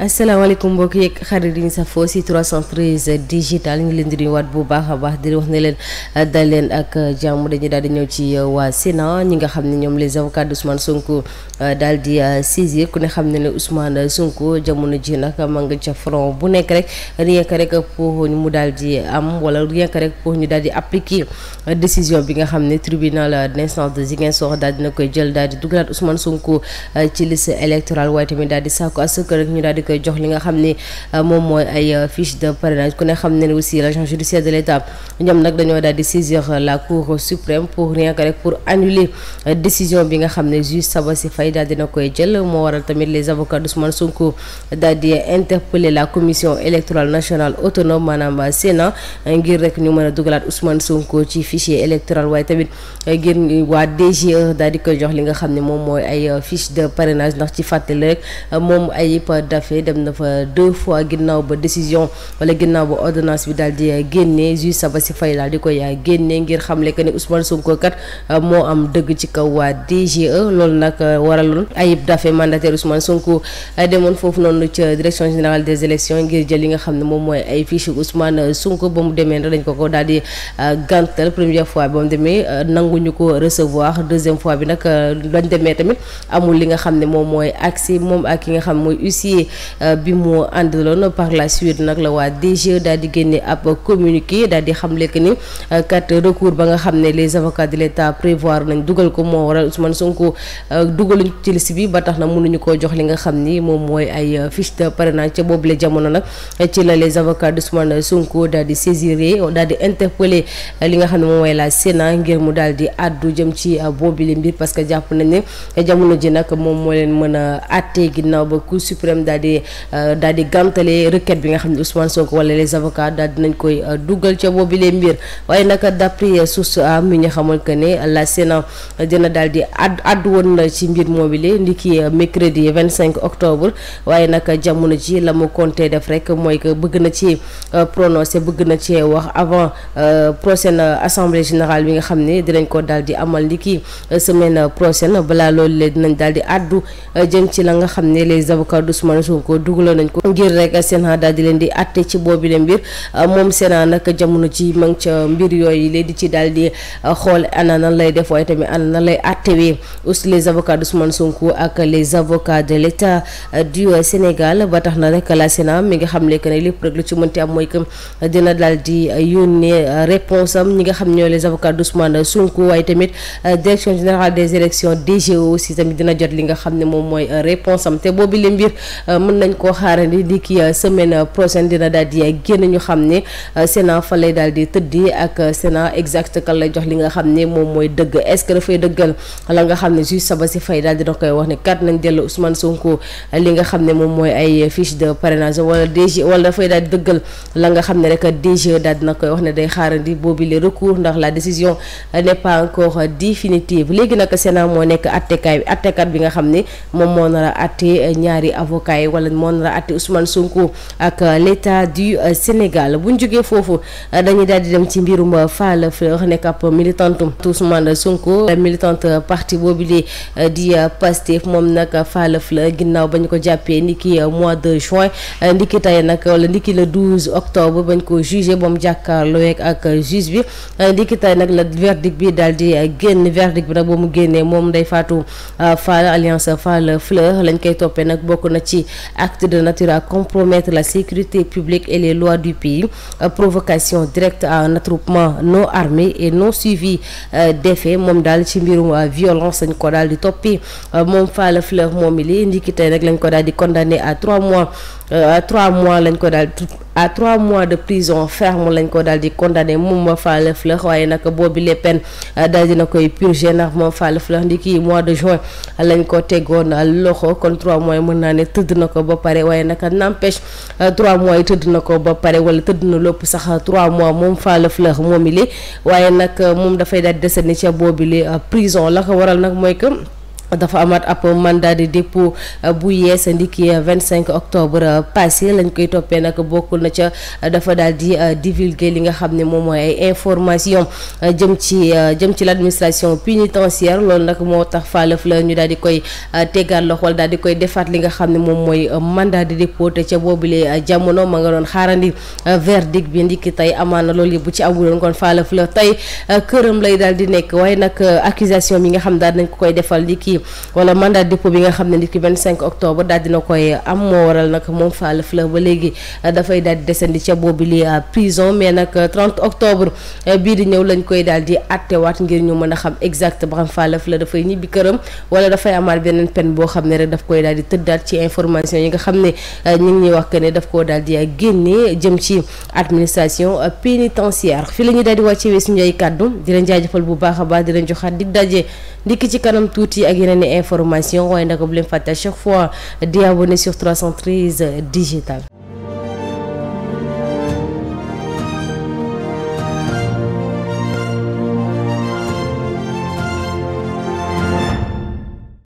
asalaamaaleykum mbokk yeeg xarit yi ñu safoo si 313 digital ñu ngi leen di waat bu baax a baax di wax ne leen dal leen ak jàmm dañu daal di ñëw ci waa Sénat ñi nga xam ne ñoom les avocats d'Ousmane Sonko. Euh, daal di euh, saisir ku ne xam ne ne Ousmane Sonko jamono ji nag ma nga ca front bu nekk rek rien que rek pour mu daal di am wala rek pour ñu daal di appliquer euh, décision bi nga xam ne tribunal d'instance de Ziguinchor daal dina koy jël daal di dugalaat Ousmane Sonko ci liste électorale waaye daal di sàkku askan rek daal di koy jox li nga xam ne moom mooy ay fiche de parrainage ku ne xam ne ne aussi l'agent judiciaire de l'État ñoom nag dañoo daal di saisir la cour suprême pour rien rek pour annuler décision bi nga xam ne juge Sabassy Faye yi daal dina koy jël moo waral tamit les avocats d'Ousmane Sonko daal di interpeller la commission électorale nationale autonome maanaam Sénat ngir rek ñu mën a dugalaat Ousmane Sonko ci fichier électoral waaye tamit ngir waa DGE daal di koy jox li nga xam ne moom mooy ay euh, fiche de parrainage ndax ci fàttali rek euh, moom Ayib Daffé dem na fa deux fois ginnaaw ba décision wala ginnaaw ba ordonnance bi daal di euh, génne juge si Faye daal di koy génne ngir xamle que ne waraloon Ayib Daffé mandataire Ousmane Sonko demoon foofu noonu ca direction générale des élections ngir jël li nga xam ne moom mooy ay fiche Ousmane Sonko ba mu demee dañ ko euh, euh, ko recevoir deuxième fois bi nag euh, lañ demee tamit amul li nga xam ne moom mooy accès moom ak ki nga xam mooy huissier bi mu àndaloon par la suite nag la waa DG daal di génne ab communiqué daal di xamle que ni kat recours ba nga xam ne les avocats de l'État prévoir nañ dugal ko moo waral ngi ci liste bi ba tax na mënuñu koo jox li nga xam ni moom mooy ay euh, fiche de parrainage ca boobule jamono nag ci la les avocats d'Ousmane Sonko daal di saisiré daal di euh, li nga xam ne moom mooy la Sénat ngir mu daal di addu jëm ci euh, boobule mbir parce que jàpp nañ ne jamono ji nag moom moo leen mën a àttee ginnaaw ba Cour suprême daal di daal di gàntale requête bi nga xam ne Ousmane Sonko wala les avocats daal dinañ koy dugal ca boobule mbir waaye nag d'après source am mi nga xamal que la Sénat dina daal di addu woon na ci mbir moobile ndiki euh, mercredi 25 octobre waaye nag jamono ji la mu compté def rek mooy que bëgg na ci euh, prononcé bëgg na ci wax avant euh, prochaine assemblée générale bi nga xam ne dinañ ko daal di amal ndiki semaine prochaine balaa loolu lee dinañ daal di àddu jëm ci la nga xam ne les avocats d'Ousmane Sonko dugaloon nañ ko ngir rek Sénat daal di leen di àtte ci boobile mbir moom Sénat nag jamono ji ma ngi ca mbir yooyu lee di ci daal di xool ana lay def waaye tamit ana nan lay àttewee aussi les avocats Ousmane Sonko ak les avocats de l'État du Sénégal ba tax na rek la Sénat mi nga xamle que ne lépp rek lu ci mënti am mooy que dina daal di yónnee réponse am ñi nga xam ñooy les avocats d'Ousmane Sonko waaye tamit euh, direction générale des élections DGO aussi tamit dina jot li nga xam ne moom mooy euh, réponse am te boobu li mbir euh, mën nañ koo xaarandi di ki semaine prochaine dina daal di génn ñu xam ne Sénat fa lay daal di tëddi ak Sénat exact kan la jox li nga xam ne moom mooy dëgg est-ce dafay dëggal la nga xam ne juge Sabassy Faye daal dina koy wax ne kat nañ dellu Ousmane Sonko li nga xam ne moom mooy ay fiche de parrainage wala DG wala ne rek DG daal dina koy wax ne day xaarandi boobu la décision n'est pas encore définitive léegi nag Sénat moo nekk attekaay bi attekat bi nga xam ne moom moo a a ak l'État du Sénégal buñ jógee foofu dañuy daal dem ci mbirum Fall Fleur nekk ab militante Ousmane Sonko militante parti boobu di Pastef moom nag faalëf la ginnaaw ba ko jàppee ni ki mois de juin ndiki tey nag wala ndiki le 12 octobre bañ ko jugé moom jàkkaarloo yeeg ak juge bi ndiki tey nag la verdict bi daal di génn verdict bi nag ba mu génnee moom Ndeye faatu Fall alliance Fall Fleur lañ koy toppee nag bokk na ci acte de nature à compromettre la sécurité publique et les lois du pays provocation directe à un attroupement non armé et non suivi euh, d'effet moom daal ci mbirum violence Euh, moom Falla Fleur moom mi lii ndiki nag lañ ko daal di condamné à trois mois euh, à mois lañ ko daal à trois mois de prison ferme lañ ko daal di condamné moom Falla Fleur waaye nag boobi les peines euh, daal dina koy purgé ndax moom Falla Fleur ndiki mois de juin lañ ko tegoon loxo kon trois mois mën naa ne tëdd na ko ba pare waaye nag n'empêche trois mois yi na ko ba pare wala tëdd na lépp sax trois mois moom Falla Fleur moom mi waaye nag moom dafay daal di desandi ca boobi li prison la ko waral nag mooy que dafa amaat ab mandat de dépôt euh, bu yees ndiki 25 euh, octobre euh, passé lañ koy toppee nag bokkul na ca dafa daal di divulguer li nga xam ne moom mooy ay information jëm ci jëm ci l' administration pénitentiaire loolu nag moo tax faalaf la ñu daal di koy tegaat loxo wala daal di koy defaat li nga xam ne moom mooy mandat de dépôt te ca boobule jamono ma nga doon xaarandi verdict bi ndikki tey amaana loolu yëpp bu ci amuloon kon faalaf la tey këram lay daal di nekk waaye nag accusation yi nga xam daal nañ ko koy defal ndiki juju wala mandat dépôt bi nga xam ne nit ki 25 octobre daal dina koy am moo waral nag moom Falla Fleur ba léegi dafay daal di desandi ca boobu li euh, prison mais nag 30 euh, octobre euh, bii di ñëw lañ koy daal di waat ngir ñu mën a xam exact ba xam Falla Fleur dafay ñibbi këram wala dafay amaat beneen peine boo xam ne rek daf koy daal di tëddaat ci information yi nga xam ne ñu ngi ñuy wax que ne daf koo daal di génne jëm ci administration pénitentiaire fii la ñuy daal di wàcce weesu njoy kàddu di leen jaajëfal bu baax a baax di leen joxaat dig daje ndikki ci kanam tuuti ak yeneen yeneen i information waaye nag bu leen fàtte à chaque fois di abonné sur 313 digital